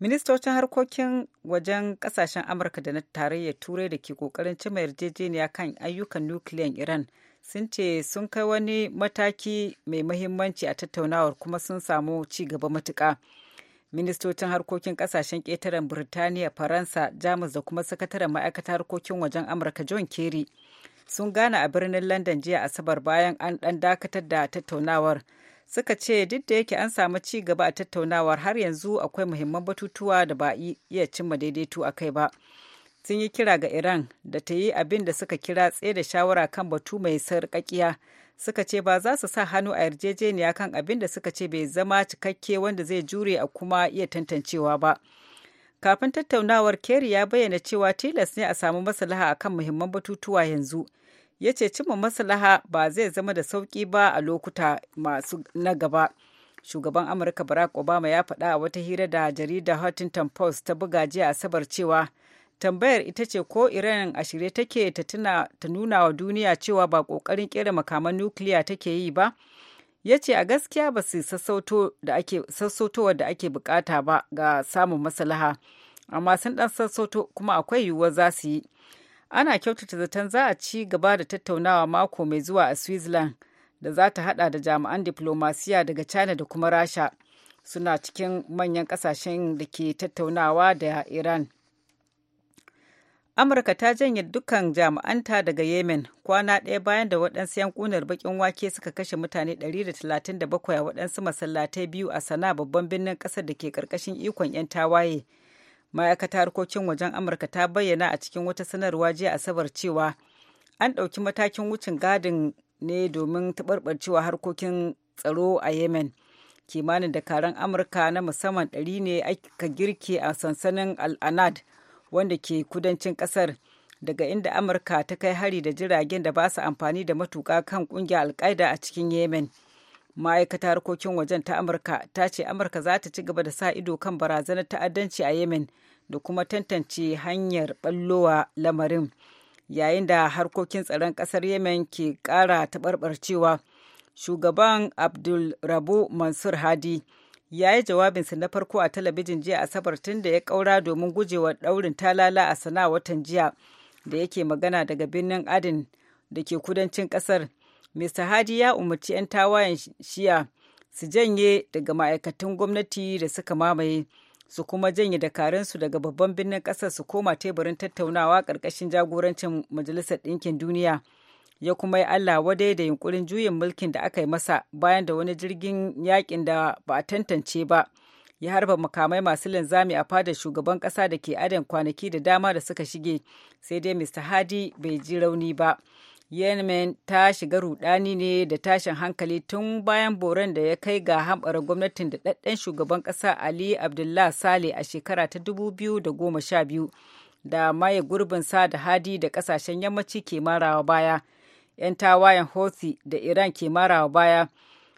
ministocin harkokin wajen kasashen amurka da na tarayyar turai da ke kokarin cima yarjejeniya kan ayyukan nukiliyan iran sun ce sun kai wani mataki mai mahimmanci a tattaunawar kuma sun samu ci gaba matuka ministocin harkokin kasashen ƙetaren Burtaniya, faransa jamus da kuma sakataren ma'aikatar harkokin wajen amurka john kerry sun gana a birnin london jiya asabar bayan an ɗan dakatar da tattaunawar suka ce duk da yake an samu ci gaba a tattaunawar har yanzu akwai muhimman batutuwa da ba iya cimma daidaito a kai ba sun yi kira ga iran da ta yi abin da suka kira tsaye da shawara kan batu mai sarƙaƙiya suka ce ba za su sa hannu a yarjejeniya kan abin da suka ce bai zama cikakke wanda zai jure a kuma iya tantancewa ba kafin tattaunawar Keri ya bayyana cewa tilas ne a samu maslaha akan muhimman batutuwa yanzu ya ce cimma maslaha ba zai zama da sauki ba a lokuta masu na gaba shugaban amurka barack obama ya faɗa a wata hira da jaridar huntington post ta buga jiya asabar cewa tambayar ita ce ko iran a shirye take ta nuna wa duniya cewa ba kokarin kera makaman nukiliya take yi ba ya ce a gaskiya ba su sassautowa da ake bukata ba ga samun maslaha amma sun dan sassauto kuma akwai yiwuwar za su yi ana kyautata zaton za a ci gaba da tattaunawa mako mai zuwa a switzerland da za ta hada da jami'an diplomasiya daga china da kuma rasha suna cikin manyan kasashen da ke tattaunawa da iran amurka ta janye dukkan jami'anta daga yemen kwana ɗaya bayan da waɗansu yankunar bakin wake suka kashe mutane 137 a waɗansu masallatai biyu a sana babban birnin ƙasar da ke ƙarƙashin ikon 'yan tawaye ma'aikata harkokin wajen amurka ta bayyana a cikin wata sanarwa jiya asabar cewa an ɗauki matakin wucin gadin ne domin taɓarɓarcewa harkokin tsaro a yemen kimanin dakaran amurka na musamman ɗari ne aka girke a sansanin al'anad wanda ke kudancin ƙasar daga inda amurka ta kai hari da jiragen da ba su amfani da matuƙa kan ƙungiyar alƙaida a cikin yemen ma'aikatar harkokin wajen ta amurka ta ce amurka za ta ci gaba da sa ido kan barazanar ta'addanci a yemen da kuma tantance hanyar ballowa lamarin yayin da harkokin tsaron ƙasar yemen ke ƙara taɓarɓarcewa shugaban abdul rabu mansur hadi ya yi jawabinsa na farko a talabijin jiya asabar tun da ya ƙaura domin gujewa ɗaurin talala a sana watan jiya da yake magana daga birnin adin da ke kudancin ƙasar Mr. Hadi ya umarci 'yan tawayen shiya su janye daga ma'aikatan gwamnati da suka mamaye su kuma janye dakaransu daga babban birnin ƙasar su koma teburin tattaunawa ƙarƙashin jagorancin Majalisar Ɗinkin Duniya. Ya kuma yi Allah wadai da yunkurin juyin mulkin da aka yi masa bayan da wani jirgin yakin da ba a tantance ba. ya harba makamai masu linzami a fadar shugaban ƙasa da ke adan kwanaki da dama da suka shige sai dai mista hadi bai ji rauni ba yemen ta shiga rudani ne da tashin hankali tun bayan boron da ya kai ga hamɓara gwamnatin da ɗaɗɗen shugaban ƙasa ali abdullah sale a shekara ta 2012 da maye gurbin sa da hadi da ƙasashen yammaci ke marawa baya 'yan tawayen Hosi da iran ke marawa baya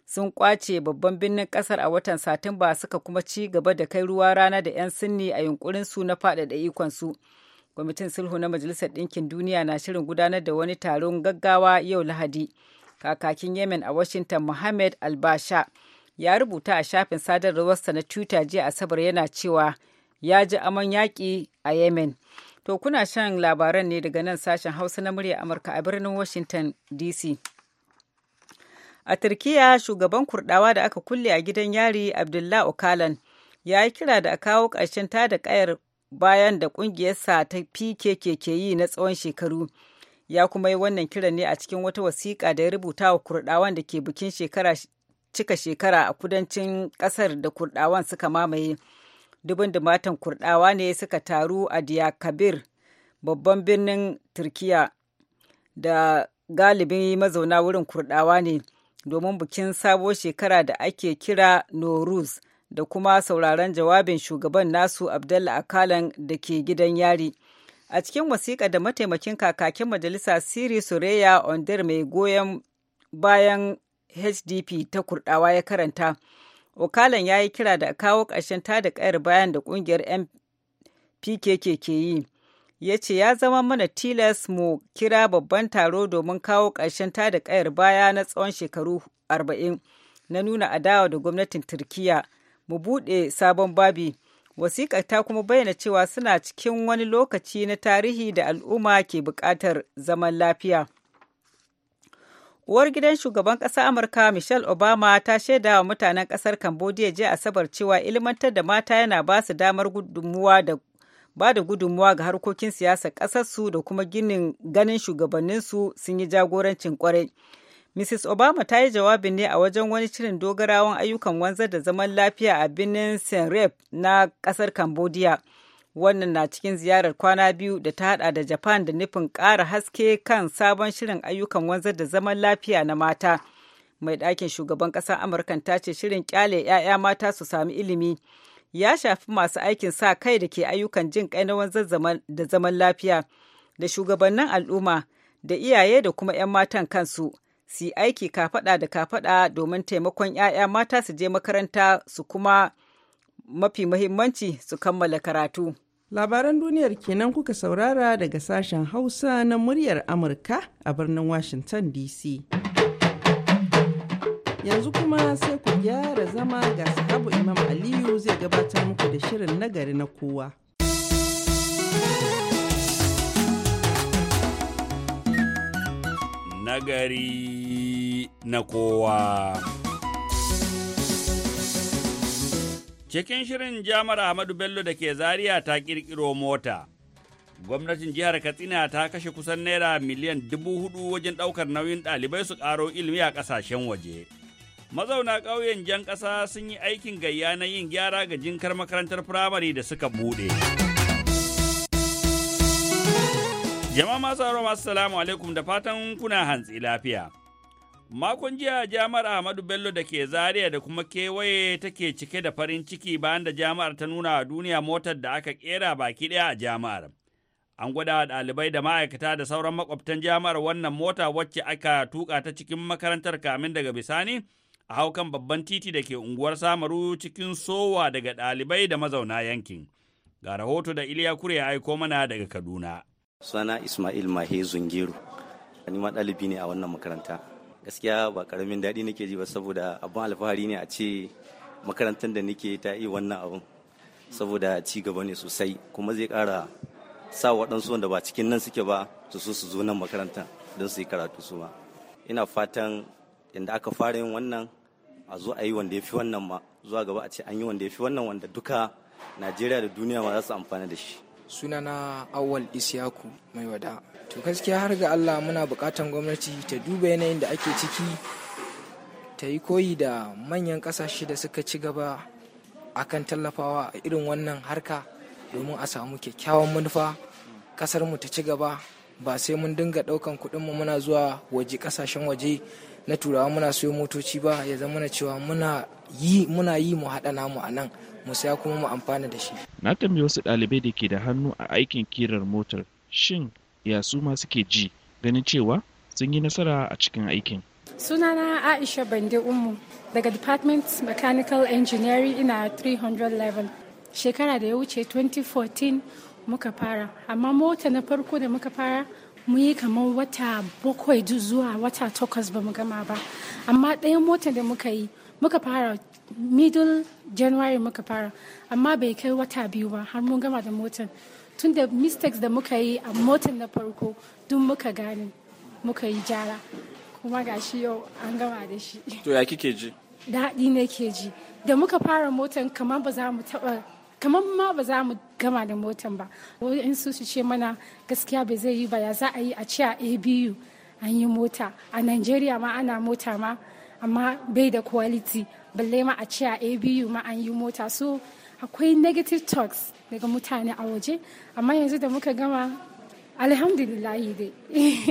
sun kwace babban birnin ƙasar a watan satumba suka kuma ci gaba da kai ruwa rana da 'yan sinni a yunkurin na faɗaɗa ikonsu kwamitin sulhu na majalisar ɗinkin duniya na shirin gudanar da wani taron gaggawa yau lahadi kakakin yemen a washington mohammed albasha ya rubuta a shafin sadarwarsa na twitter jiya asabar yana cewa ya ji aman yaƙi a yemen to kuna shan labaran ne daga nan sashen hausa na murya amurka a birnin washington dc a turkiya shugaban kurdawa da aka kulle a gidan yari abdullah okalan ya yi kira da a kawo ƙarshen tada ƙayar bayan da ƙungiyarsa ta PKK ke yi na tsawon shekaru. Ya kuma yi wannan kiran ne a cikin wata wasiƙa da ya rubuta wa Kurɗawan da ke bikin shekara cika shekara a kudancin ƙasar da Kurɗawan suka mamaye. Dubin matan Kurɗawa ne suka taru a Diyakabir, babban birnin Turkiya da galibin mazauna wurin Kurɗawa ne domin bikin sabuwar shekara da ake kira Noruz. da kuma sauraron jawabin shugaban nasu Abdallah Akalan da ke gidan yari. A cikin wasiƙa da mataimakin kakakin majalisa Siri Soreya Ondir mai goyon bayan HDP ta kurɗawa ya karanta. Okalan ya yi kira da kawo ƙarshen ta da ƙayar bayan da ƙungiyar MPKK ke yi. ya ce ya zama mana tilas mu kira babban taro domin kawo ƙarshen ta da ƙayar baya na tsawon shekaru arba'in. na nuna adawa da gwamnatin turkiyya. mu buɗe sabon babi wasiƙar ta kuma bayyana cewa suna cikin wani lokaci na tarihi da al'umma ke buƙatar zaman lafiya uwar gidan shugaban ƙasa amurka michelle obama ta shaida wa mutanen ƙasar cambodia jiya asabar cewa ilmantar da mata yana ba su damar gudunmuwa da ba da gudunmuwa ga harkokin siyasar ƙasarsu da kuma ginin ganin shugabanninsu sun yi jagorancin ƙwarai. Mrs. Obama ta yi jawabin ne a wajen wani shirin dogarawan ayyukan wanzar da zaman lafiya a birnin Senrep na ƙasar Cambodia. Wannan na cikin ziyarar kwana biyu da ta hada da Japan da nufin ƙara haske kan sabon shirin ayyukan wanzar da zaman lafiya na mata. Mai ɗakin shugaban ƙasar Amurka ta ce shirin ƙyale 'ya'ya mata su sami ilimi ya shafi masu aikin sa kai da ke ayyukan jin ƙai na wanzar da zaman lafiya da shugabannin al'umma da iyaye da kuma 'yan matan kansu. su yi aiki kafaɗa da kafaɗa domin taimakon 'ya'ya mata su je makaranta su kuma mafi mahimmanci su kammala karatu. Labaran duniyar kenan kuka saurara daga sashen Hausa na muryar Amurka a birnin Washington DC. Yanzu kuma sai ku gyara zama ga sahabu Imam Aliyu zai gabatar muku da shirin nagari na kowa. nagari na kowa. Cikin shirin Jamar Ahmadu Bello da ke Zariya ta ƙirƙiro mota. Gwamnatin jihar Katsina ta kashe kusan naira miliyan dubu hudu wajen ɗaukar nauyin ɗalibai su ƙaro ilimi a ƙasashen waje. Mazauna ƙauyen jan ƙasa sun yi aikin gayya na yin gyara ga jinkar makarantar firamare da suka buɗe. Jama'a masu haro masu salamu alaikum da fatan kuna hantsi lafiya. Makon jiya jami'ar Ahmadu Bello da ke Zariya da kuma kewaye take cike da farin ciki bayan da jami'ar ta nuna wa duniya motar da aka kera baki ɗaya a jami'ar. An gwada wa ɗalibai da ma'aikata da sauran makwabtan jami'ar wannan mota wacce aka tuka ta cikin makarantar kamin daga bisani a haukan babban titi da ke unguwar Samaru cikin sowa daga ɗalibai da mazauna yankin. Ga rahoto da Iliya Kure ya aiko mana daga Kaduna. Sana Ismail Mahe Zungiru. Ni ma ɗalibi ne a wannan makaranta. Gaskiya ba karamin daɗi nake ji ba saboda abin alfahari ne a ce makarantar da nake ta yi wannan abin. Saboda ci gaba ne sosai kuma zai ƙara sa waɗansu wanda ba cikin nan suke ba su so su zo nan makarantar don su yi karatu su ba Ina fatan inda aka fara yin wannan a zo a yi wanda ya fi wannan ma zuwa gaba a ce an yi wanda ya fi wannan wanda duka Najeriya da duniya ma za su amfana da shi. sunana awal isyaku mai wada to gaskiya har ga allah muna bukatan gwamnati ta duba yanayin da ake ciki ta yi koyi da manyan kasashe da suka ci gaba akan tallafawa a irin wannan harka domin a samu kyakkyawan manufa kasar mu ta ci gaba ba sai mun dinga daukan kuɗin mu muna zuwa waje kasashen waje na turawa muna siyo motoci ba ya zama na cewa muna yi yi mu haɗa namu a nan mu siya kuma mu amfana da shi na tambayi wasu ɗalibai da ke da hannu a aikin kirar motar shin ya su ma suke ji ganin cewa sun yi nasara a cikin aikin sunana aisha bande umu daga department mechanical engineering ina 300 level shekara da ya wuce 2014 muka fara amma mota na farko da muka fara mu yi kamar wata bakwai zuwa wata takwas ba mu gama ba amma ɗayan mota da muka yi muka fara middle january muka fara amma bai kai wata biyu ba har mun gama da motan tun da mistakes da muka yi a motan na farko duk muka gane muka yi jara kuma ga shi yau an gama da shi to ya kike ji daɗi ne ke ji da muka fara motan kamar ba za mu taɓa kamar ma ba za mu gama da motan ba in su su ce mana gaskiya bai zai yi ba ya za a yi a ce a abu an yi mota a nigeria ma ana mota ma amma bai da quality balle ma a ce a abu ma an yi mota so akwai negative talks daga mutane a waje amma yanzu da muka gama alhamdulillahi dai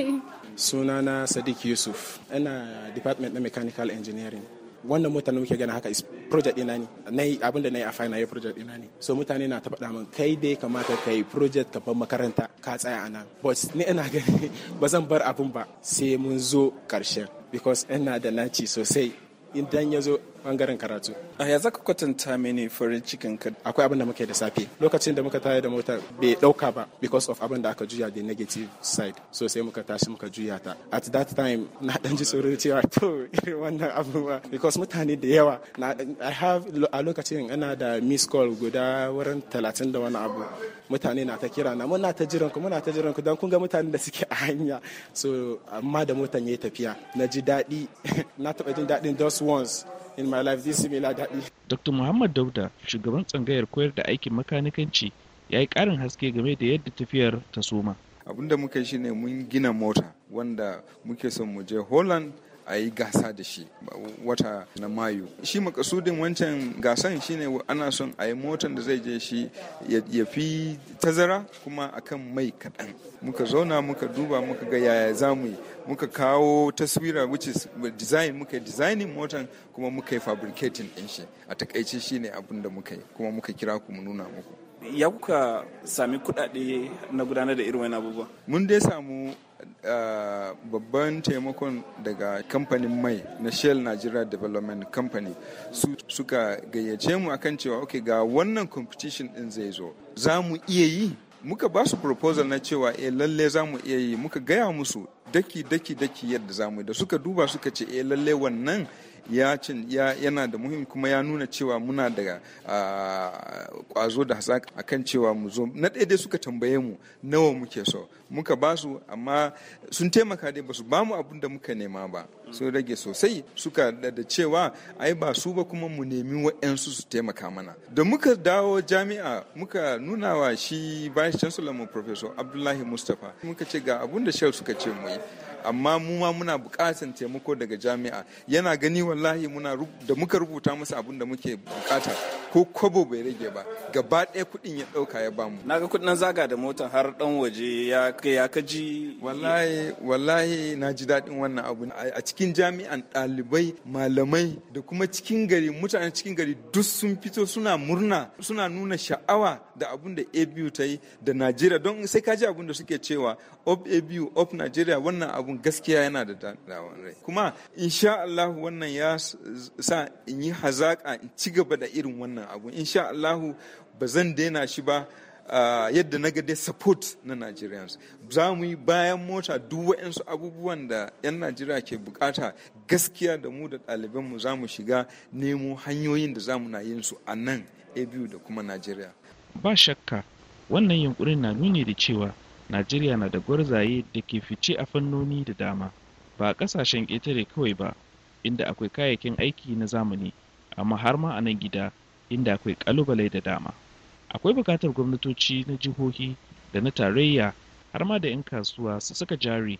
sunana sadiq yusuf ana department na mechanical engineering wannan mota na muke gani haka is project ina ne na yi abin da na yi a fina yi project ina ne so mutane na ta faɗa min kai dai kamata ka yi project ka bar makaranta ka tsaya anan. nan but ni ina gani ba zan bar abun ba sai mun zo karshen because ina da so say in ya bangaren karatu a ya zaka kwatanta mini farin cikin ka akwai abin da muke da safe lokacin da muka tayar da mota bai dauka ba because of abin da aka juya the negative side so sai muka tashi muka juya ta at that time na dan ji tsoron cewa to irin wannan abubuwa because mutane da yawa na i have a lokacin ina da miss call guda wurin talatin da wani abu mutane na ta kira na muna ta jiran ku muna ta jiran ku don kun ga mutanen da suke a hanya so amma da motan ya tafiya na ji daɗi na taɓa jin daɗin those ones. in my life this similar daɗi. Dr. Muhammad Dauda shugaban tsangayar koyar da aikin makanikanci ya yi ƙarin haske game da yadda tafiyar ta soma. Abin da muka yi ne mun gina mota wanda muke son mu je Holland a yi gasa da shi wata na mayu shi makasudin wancan gasan shine ana son a yi motan da zai je shi ya fi tazara kuma akan mai kaɗan muka zauna muka duba muka ga yaya za mu yi muka kawo taswira which is design muka yi designing motan kuma muka yi fabricating din shi a takaice shine abin da muka yi kuma muka kira ku mu nuna muku ya kuka sami kuɗaɗe na gudanar da irin wani abubuwa mun dai samu Uh, babban taimakon daga kamfanin mai na shell nigeria development company su suka gayyace mu akan cewa ok ga wannan competition din zai zo za mu iya yi muka ba su proposal na cewa eh lalle za mu iya yi muka gaya musu daki daki daki yadda za mu da suka duba suka ce eh lalle wannan ya yana da muhimmi kuma ya nuna cewa muna da kwazo ah, da hasaka akan cewa mu zo na ɗaya dai suka tambaye mu nawa muke so muka ba su amma sun taimaka dai basu bamu abin da muka nema ba sun rage sosai suka da cewa ai ba su ba kuma mu nemi wa'yansu su taimaka mana da muka dawo jami'a muka nuna wa shi vice chancellor mu professor abdullahi mustapha muka ce ga abun da shell suka ce mu yi amma mu ma muna bukatan taimako daga jami'a yana gani wallahi muna da muka rubuta masa abun da muke bukata ko kwabo bai rage ba gaba ɗaya kuɗin ya ɗauka ya bamu na ga kuɗin zaga da mota har ɗan waje ya ya kaji wallahi wallahi na ji daɗin wannan abu a cikin cikin jami'an ɗalibai malamai da kuma cikin gari mutane cikin gari duk sun fito suna murna suna nuna sha'awa da abun da abu ta yi da najeriya don sai ka ji abun da suke cewa of abu of najeriya wannan abun gaskiya yana da dawon rai kuma insha Allah wannan ya sa in yi hazaƙa in ci gaba da irin wannan abun insha Allah ba zan daina shi ba yadda na ga dai support na Nigerians za mu yi bayan mota duk waɗansu abubuwan da 'yan Najeriya ke bukata gaskiya da mu da ɗalibanmu za mu shiga nemo hanyoyin da za mu na yin su a nan ABU da kuma Najeriya. Ba shakka wannan yunkurin na nuni da cewa Najeriya na da gwarzaye da ke fice a fannoni da dama ba a ƙasashen ƙetare kawai ba inda akwai kayayyakin aiki na zamani amma har ma a nan gida inda akwai ƙalubale da dama. akwai bukatar gwamnatoci na jihohi da na tarayya har ma da 'yan kasuwa su saka jari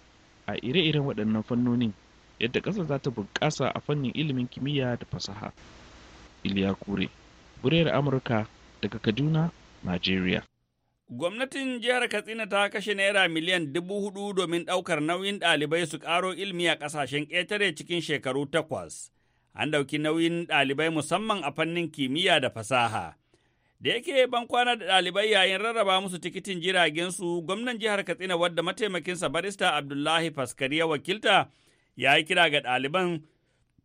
a ire-iren waɗannan fannonin yadda ƙasa za ta bunƙasa a fannin ilimin kimiyya da fasaha iliya kure buriyar amurka daga kaduna Najeriya. Gwamnatin jihar Katsina ta kashe naira miliyan dubu hudu domin ɗaukar nauyin ɗalibai su ƙaro ilimi a ƙasashen ƙetare cikin shekaru takwas. An ɗauki nauyin ɗalibai musamman a fannin kimiyya da fasaha. Da yake ban kwana da ɗalibai yayin rarraba musu tikitin jiragensu, gwamnan jihar Katsina wadda mataimakinsa barista Abdullahi Faskari ya wakilta ya yi kira ga ɗaliban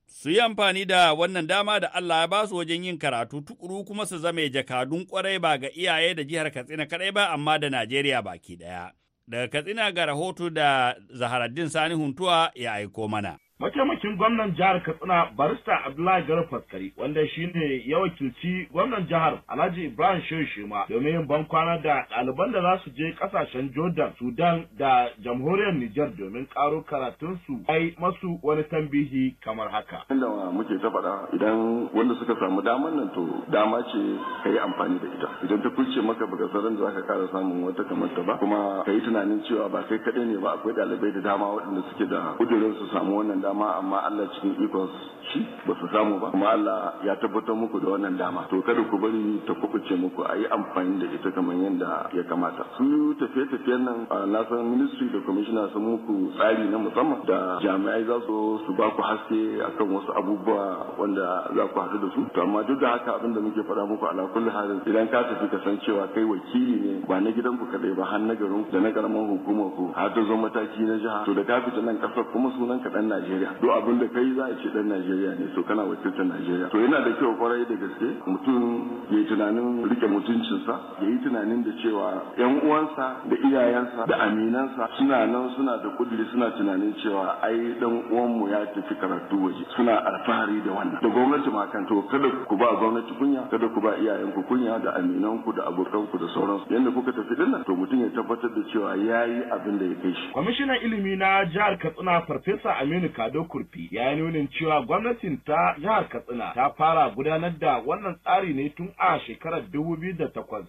su yi amfani da wannan dama da Allah ya ba wajen yin karatu tukuru kuma su zame jakadun kwarai ba ga iyaye da jihar Katsina kadai ba amma da Najeriya baki ɗaya. Daga Katsina ga rahoto da Zaharaddin Sani Huntuwa ya aiko mana. Mataimakin gwamnan jihar Katsina barista Abdullahi Garba Faskari wanda shine ya wakilci gwamnan jihar Alhaji Ibrahim Shehu Shema domin yin bankwana da ɗaliban da za su je ƙasashen Jordan, Sudan da jamhuriyar Nijar domin ƙaro karatunsu ai masu wani tambihi kamar haka. Inda muke ta faɗa idan wanda suka samu damar nan to dama ce ka yi amfani da ita. Idan ta kuce maka baka saran da zaka ƙara samun wata kamar ta ba kuma ka yi tunanin cewa ba kai kaɗai ne ba akwai ɗalibai da dama waɗanda suke da kudurin su samu wannan dama. dama amma Allah cikin ikon shi ba su samu ba amma Allah ya tabbatar muku da wannan dama to kada ku bari ta kubuce muku a yi amfani da ita kamar yadda ya kamata su tafiye-tafiyen nan na san ministry da commissioner sun muku tsari na musamman da jami'ai za su su ba ku haske akan wasu abubuwa wanda za ku haɗu da su to amma duk da haka abin da muke faɗa muku ala kulli halin idan ka tafi ka san cewa kai wakili ne ba na gidanku kaɗai ba har na garin da na karamar hukumar ku har ta zo mataki na jiha to da ka fita nan ƙasar kuma sunan ka ɗan Najeriya Najeriya duk abin da kai za a ce dan Najeriya ne so kana wakiltar Najeriya to yana da kyau kwarai da gaske mutum ya yi tunanin rike mutuncinsa ya yi tunanin da cewa yan uwansa da iyayensa da aminansa suna nan suna da kudiri suna tunanin cewa ai dan uwanmu ya tafi karatu waje suna alfahari da wannan da gwamnati ma kan to kada ku ba gwamnati kunya kada ku ba iyayenku kunya da aminanku da abokanku da sauransu yanda kuka tafi dinnan to mutum ya tabbatar da cewa ya yi abin da ya kai shi kwamishinan ilimi na jihar Katsina farfesa Aminu Kado Kurfi ya yi nunin cewa gwamnatin ta jihar Katsina ta fara gudanar da wannan tsari ne tun a shekarar dubu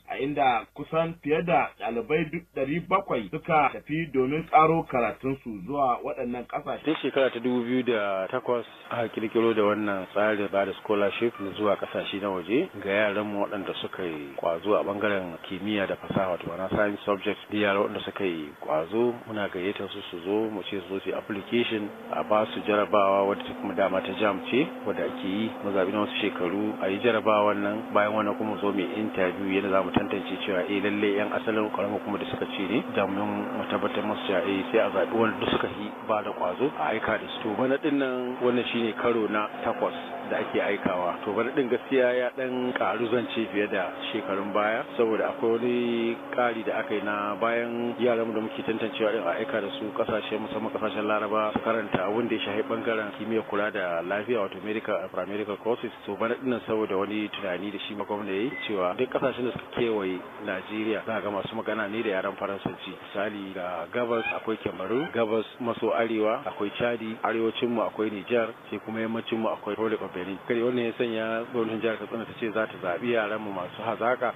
a inda kusan fiye da ɗalibai ɗari suka tafi domin karatun karatunsu zuwa waɗannan ƙasashe. Tun shekara ta dubu da aka kirkiro da wannan tsarin ba da scholarship na zuwa ƙasashe na waje ga yaran mu waɗanda suka yi kwazo a bangaren kimiyya da fasaha wato na science subject da yara waɗanda suka yi kwazo muna gayyata su su zo mu ce su zo su application a ba su jarabawa wadda ta kuma dama ta jam ce wadda ake yi mu zaɓi na wasu shekaru a yi jarabawa nan bayan wannan kuma zo mai interview yadda za mu tantance cewa eh lalle yan asalin ƙaramin kuma da suka ce ne da mun mu tabbatar masu cewa eh sai a zaɓi wanda suka yi ba da ƙwazo a aika da su to bana ɗin nan wannan shine karo na takwas da ake aikawa to bari din gaskiya ya dan karu zance fiye da shekarun baya saboda akwai wani kari da aka yi na bayan yaran da muke tantancewa din a aika da su kasashe musamman kasashen laraba su karanta abin da ya shafi bangaren kimiyyar kula da lafiya wato medical paramedical courses to bari na saboda wani tunani da shi makwamna ya yi cewa duk kasashen da suka kewaye najeriya za ga masu magana ne da yaran faransanci misali ga gabas akwai kyamaru gabas maso arewa akwai chadi arewacinmu akwai nijar sai kuma yammacin mu akwai republic of gari kai wannan ya sanya gwamnatin jihar Katsina ta ce za ta zaɓi yaran mu masu hazaka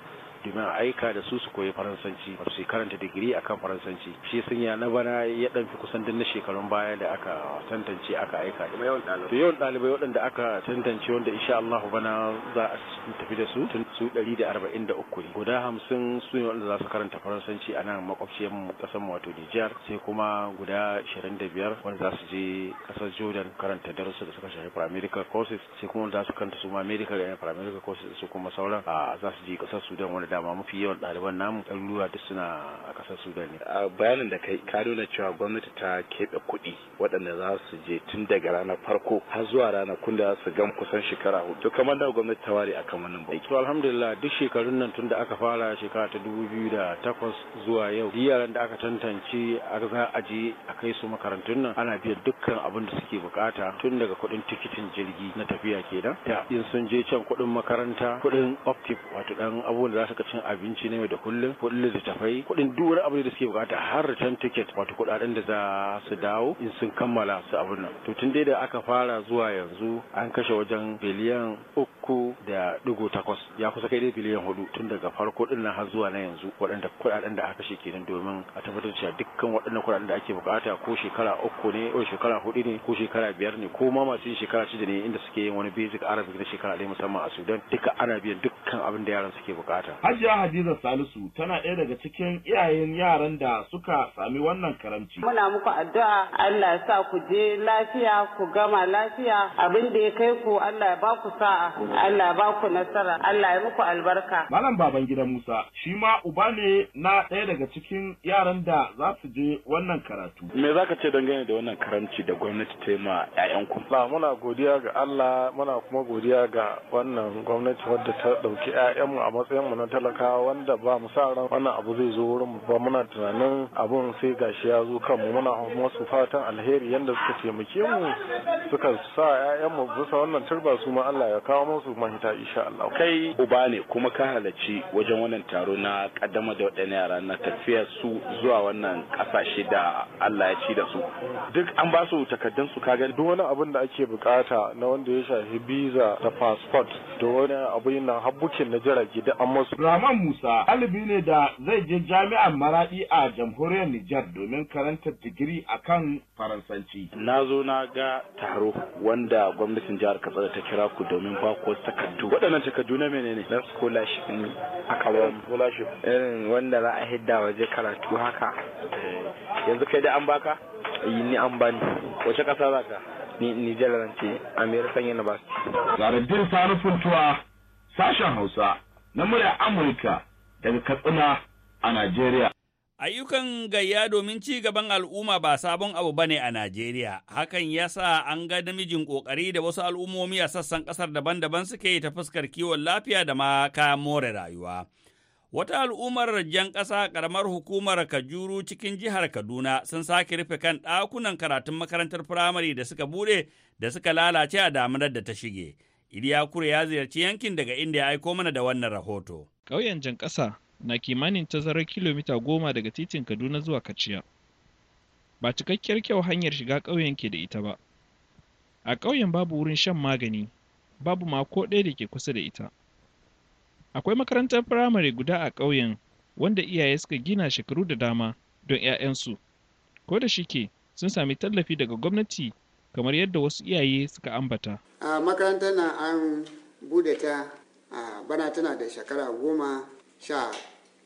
domin aika da su su koyi faransanci su karanta digiri akan faransanci shi sun ya na bana ya ɗan fi kusan na shekarun baya da aka tantance aka aika da yawan ɗalibai yawan waɗanda aka tantance wanda insha Allah bana za a tafi da su tun su da da arba'in uku. guda hamsin su ne waɗanda za su karanta faransanci a nan makwabciyar mu ƙasar mu wato Nijar sai kuma guda da biyar wanda za su je ƙasar Jordan karanta darussa da suka shafi paramedical courses sai kuma za su karanta su ma medical and paramedical courses su kuma sauran za su je ƙasar Sudan wanda dama mafi yawan ɗaliban namu ɗaruruwa da suna a ƙasar sudan ne a bayanin da kai ka nuna cewa gwamnati ta keɓe kuɗi waɗanda za su je tun daga ranar farko har zuwa rana kunda za su gam kusan shekara hudu to kamar da gwamnati ta ware akan wannan ba to alhamdulillah duk shekarun nan tun da aka fara shekara ta dubu biyu da takwas zuwa yau duk yaran da aka tantance aka za a je a kai su makarantun nan ana biyan dukkan abin da suke bukata tun daga kuɗin tikitin jirgi na tafiya kenan da in sun je can kuɗin makaranta kuɗin optic wato ɗan abubuwan da za su Ka cin abinci ne da kullum kuɗin littattafai kuɗin duk wani abu da suke bukata har return ticket wato kuɗaɗen da za su dawo in sun kammala su abin nan to tun dai da aka fara zuwa yanzu an kashe wajen biliyan uku uku da digo takwas ya kusa kai dai biliyan hudu tun daga farko din nan har zuwa na yanzu waɗanda kuɗaɗen da aka kashe kenan domin a tabbatar cewa dukkan waɗannan kuɗaɗen da ake bukata ko shekara uku ne ko shekara hudu ne ko shekara biyar ne ko ma masu shekara shida ne inda suke yin wani basic arabic na shekara ɗaya musamman a sudan duka ana biyan dukkan abin da yaran suke bukata. hajiya hadiza salisu tana ɗaya daga cikin iyayen yaran da suka sami wannan karamci. muna muku addu'a allah ya sa ku je lafiya ku gama lafiya abin da ya kai ku allah ya ba ku sa'a. Allah ba ku nasara, Allah ya muku albarka. Malam baban gida Musa, shi ma uba ne na ɗaya daga cikin yaran da za su je wannan karatu. Me za ka ce dangane da wannan karanci da gwamnati ta yi ma 'ya'yanku? La muna godiya ga Allah, muna kuma godiya ga wannan gwamnati wadda ta ɗauki 'ya'yanmu a matsayinmu na talakawa wanda ba mu sa ran wannan abu zai zo wurin mu ba muna tunanin abun sai gashi ya zo kanmu muna masu fatan alheri yanda suka taimake mu suka sa 'ya'yanmu bisa wannan turba su ma Allah ya kawo musu su mahita insha Allah kai uba ne kuma ka halarci wajen wannan taro na kaddama da waɗanne yara na tafiya su zuwa wannan ƙasashe da Allah ya ci da su duk an ba su takardun su kaga duk wani abin da ake bukata na wanda ya shafi visa da passport da wani abu yana habbukin na jirage da an masu Rahman Musa alibi ne da zai je jami'an Maraɗi a jamhuriyar Nijar domin karanta digiri a kan Faransanci na zo na ga taro wanda gwamnatin jihar Katsina ta kira ku domin ba ku wasu takardu waɗannan takardu na menene na scholarship ne a kawon scholarship irin wanda za a hidda waje karatu haka eh, yanzu kai da an baka eh, ni an bani wace ƙasa za ka ni Nijar rance American University Zaradin Sani funtuwa sashen Hausa na murya Amurka daga Katsina a Najeriya Ayyukan gayya domin ci gaban al'umma ba sabon abu ba ne a Najeriya, hakan ya sa an ga namijin ƙoƙari da wasu al'ummomi a sassan ƙasar daban-daban suke yi ta fuskar kiwon lafiya da ma more rayuwa. Wata al'ummar jan ƙasa ƙaramar hukumar Kajuru cikin jihar Kaduna sun sake rufe kan ɗakunan karatun makarantar firamare da suka buɗe da suka lalace a damunar da ta shige. Iliya Kure ya ziyarci yankin daga inda ya aiko mana da wannan rahoto. Ƙauyen jan ƙasa na kimanin tazarar kilomita goma daga titin kaduna zuwa kaciya ba cikakkiyar kyau hanyar shiga ƙauyen ke da ita ba a ƙauyen babu wurin shan magani babu ma ko ɗaya da ke kusa da ita akwai makarantar firamare guda a ƙauyen wanda iyaye suka gina shekaru da dama don 'ya'yansu ko da shike sun sami tallafi daga gwamnati kamar yadda wasu iyaye suka ambata a makarantar na an bude ta bana tana da shekara goma sha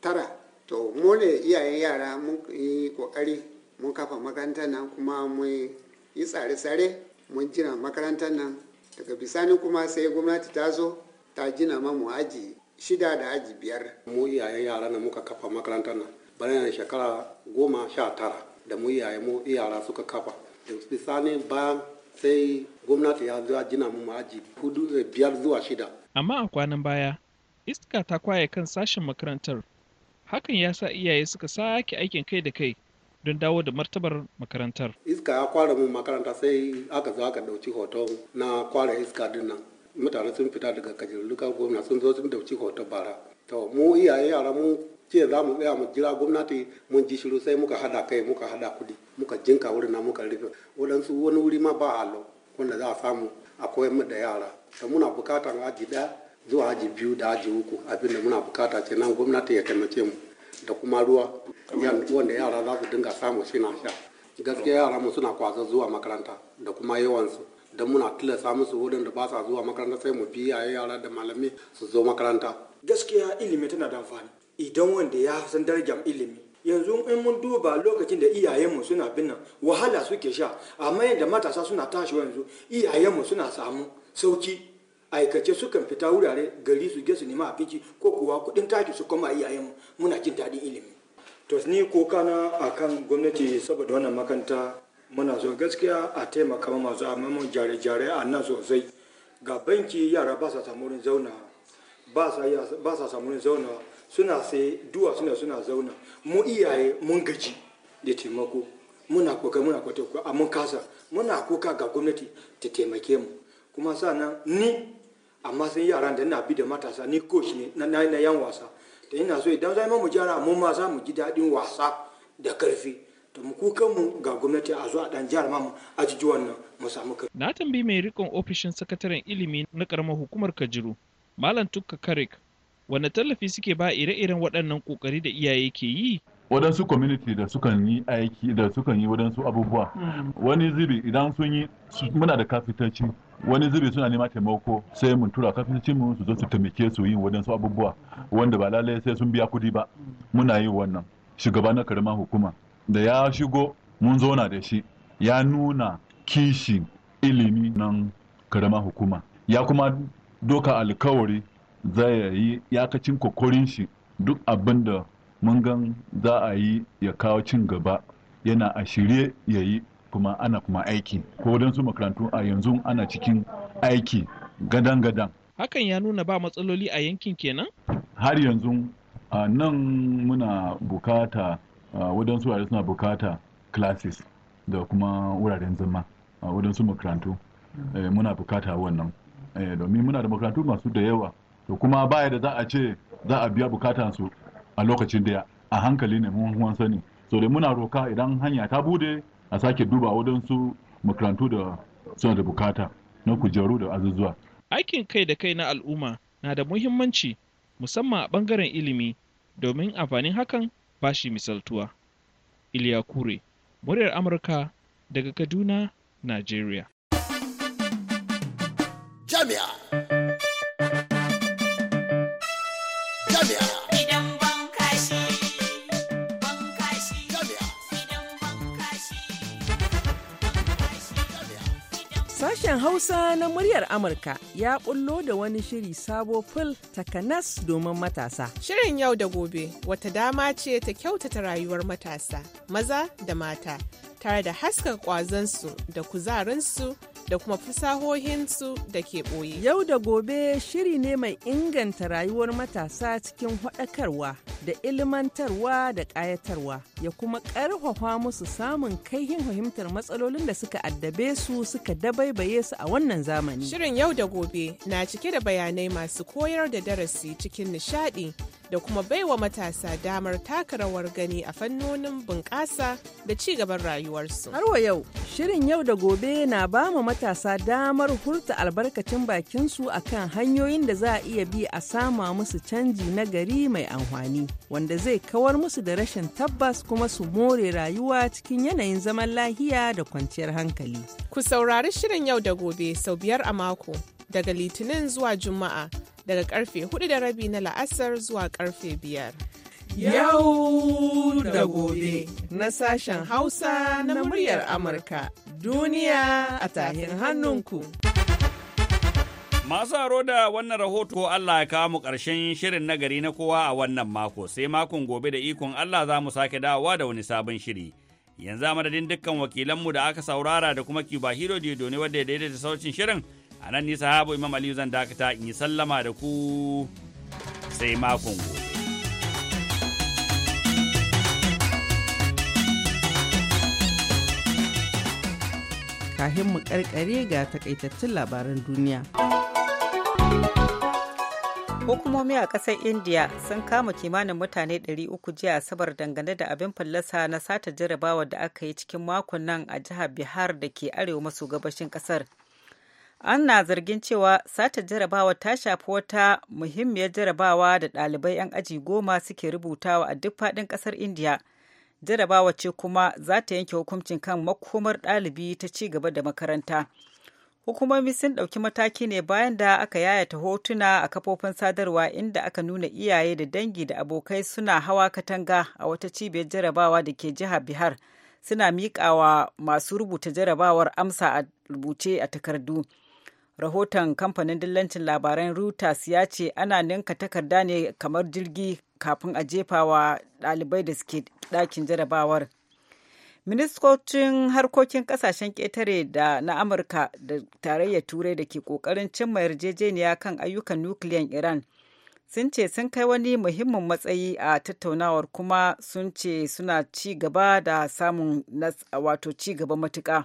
tara to mu ne iyayen yara mun yi kokari mun kafa makarantar nan kuma mun yi tsare-tsare mun jina makarantar nan daga bisani kuma sai gwamnati ta zo ta jina mu aji shida da aji biyar mu iyayen yara na muka kafa makarantar nan bayan shekara goma sha tara da mu iyaye mu yara suka kafa da bisani bayan sai gwamnati ya zo jina mu aji hudu biyar zuwa shida amma a kwanan baya iska ta kwaye kan sashen makarantar hakan ya sa iyaye suka sake aikin kai da kai don dawo da martabar makarantar iska ya kwara mun makaranta sai aka zo aka dauki hoto na kware iska din nan mutane sun fita daga luka gwamna sun zo sun dauki hoto bara to mu iyaye yara mun ce za mu tsaya mu jira gwamnati mun ji shiru sai muka hada kai muka hada kudi muka jinka wurin na muka rufe wadansu wani wuri ma ba halo wanda za a samu a koyar mu da yara da muna bukatan aji daya zuwa aji biyu da aji uku abinda muna bukata ce nan gwamnati ya taimake mu da kuma ruwa wanda yara za su dinga samu shi na sha gaskiya yara mu suna kwasa zuwa makaranta da kuma yawansu don muna tilasta musu wadanda ba sa zuwa makaranta sai mu biya yara da malami su zo makaranta gaskiya ilimi tana da amfani idan wanda ya san darajar ilimi yanzu in mun duba lokacin da iyayenmu suna binna, wahala suke sha amma yadda matasa suna tashi yanzu iyayenmu suna samu sauki aikace sukan fita wurare gari su je su nema abinci ko kuwa kudin taki su koma iyayen muna jin daɗin ilimi to ni ko kana akan gwamnati saboda wannan makaranta muna so gaskiya a taimaka masu amma mun jare-jare a nan sosai ga banki yara ba sa samu wurin zauna ba sa samu wurin zauna suna sai duwa suna suna zauna mu iyaye mun gaji da taimako muna koka muna kwata a mun kasa muna kuka ga gwamnati ta taimake mu kuma sanan ni amma sun yaran da na bi da matasa ni coach ne na yan wasa da ina so idan zai mu jara mun ma za mu ji daɗin wasa da karfi to mu kukan mu ga gwamnati a zo a dan jihar mamu a ji wannan mu samu karfi na tambayi mai rikon ofishin sakataren ilimi na karamar hukumar Kajiru Malam Tukka Karik wanne tallafi suke ba ire-iren waɗannan ƙoƙari da iyaye ke yi wadansu community da sukan yi aiki da sukan yi waɗansu abubuwa hmm. wani zubi idan sun yi muna da kafitaci wani zubi suna nema taimako sai mun tura kafitocin mu su zo su taimake su yin waɗansu abubuwa wanda ba lalai sai sun biya kuɗi ba muna yi wannan shugaba na karamar hukuma da ya shigo mun zauna da shi ya nuna kishin ilimi nan karamar hukuma ya kuma doka alkawari zai yi yakacin kokorin shi duk abinda. mun gan za a yi ya kawo cin gaba yana a shirye ya yi kuma ana kuma aiki ko su makarantu a yanzu ana cikin aiki gadan-gadan hakan ya nuna ba matsaloli a yankin kenan har yanzu a nan muna bukata wadansu wurare suna bukata classes da kuma wuraren zama a wadansu makarantu eh, muna bukata wannan eh, domin muna da makarantu masu da yawa to kuma baya da za a ce za a biya bukatansu a lokacin da a hankali ne mun sani so da muna roka idan hanya ta bude a sake duba wadansu makarantu da suna da bukata na kujeru da azuzuwa aikin kai da kai na al'umma na da muhimmanci musamman a bangaren ilimi domin amfanin hakan ba shi misaltuwa iliya kure muryar amurka daga kaduna nigeria jami'a jami'a Sashen Hausa na muryar Amurka ya ƙullo da wani shiri sabo fil takanas domin matasa. Shirin yau da gobe wata dama ce ta kyautata rayuwar matasa, maza da mata, tare da haska kwazansu da kuzarinsu da kuma fasahohinsu da ke ɓoye. Yau da gobe shiri ne mai inganta rayuwar matasa cikin haɗakarwa da ilmantarwa da ƙayatarwa ya kuma ƙarfafa musu samun kaihin fahimtar matsalolin da suka addabe su suka dabaibaye su a wannan zamani. Shirin yau da gobe na cike da bayanai masu koyar da darasi cikin nishaɗi da kuma baiwa matasa damar taka rawar gani a fannonin bunƙasa da ci gaban rayuwarsu. Har wa yau, shirin yau da gobe na ba mu matasa damar hurta albarkacin bakinsu a kan hanyoyin da za a iya bi a sama musu canji na gari mai amfani, wanda zai kawar musu da rashin tabbas kuma su more rayuwa cikin yanayin zaman lahiya da kwanciyar hankali. Ku saurari shirin yau da gobe sau biyar a mako, daga Litinin zuwa Juma'a. daga karfe 4 da rabi na la'asar zuwa karfe 5. Yau da gobe na sashen Hausa na muryar Amurka duniya a tahin hannunku. Masu haro da wannan rahoto Allah ya kawo mu ƙarshen shirin nagari na kowa a wannan mako sai makon gobe da ikon Allah za mu sake dawowa da wani sabon shiri. Yanzu a madadin dukkan wakilanmu da aka saurara da kuma Kiba Hiro ne wadda ya daidaita saucin shirin. a nan ni sahabu imam aliyu zan dakata in yi sallama da ku sai makon gobe kahin mu karkare ga takaitattun labaran duniya hukumomi a kasar indiya sun kama kimanin mutane 300 jiya asabar dangane da abin fallasa na sata jarabawa da aka yi cikin makon nan a jihar bihar da ke arewa maso gabashin kasar ana zargin cewa sata jarabawa ta shafi wata muhimmiyar jarabawa da ɗalibai 'yan aji goma suke rubutawa a duk faɗin ƙasar indiya jarabawa ce kuma za ta yanke hukuncin kan makomar ɗalibi ta ci gaba da makaranta hukumomi sun ɗauki mataki ne bayan da aka yayata hotuna a kafofin sadarwa inda aka nuna iyaye da dangi da abokai suna hawa katanga a wata cibiyar jarabawa da ke jiha bihar suna miƙawa masu rubuta jarabawar amsa a rubuce a takardu rahoton kamfanin dillancin labaran reuters ya ce ana ninka takarda ne kamar jirgi kafin a jefa wa ɗalibai da suke ɗakin jarabawar ministocin harkokin kasashen ƙetare da na amurka da tarayyar turai da ke ƙoƙarin cimma yarjejeniya kan ayyukan nukiliyan iran sun ce sun kai wani muhimmin matsayi a tattaunawar kuma sun ce suna ci gaba da samun wato ci gaba matuka.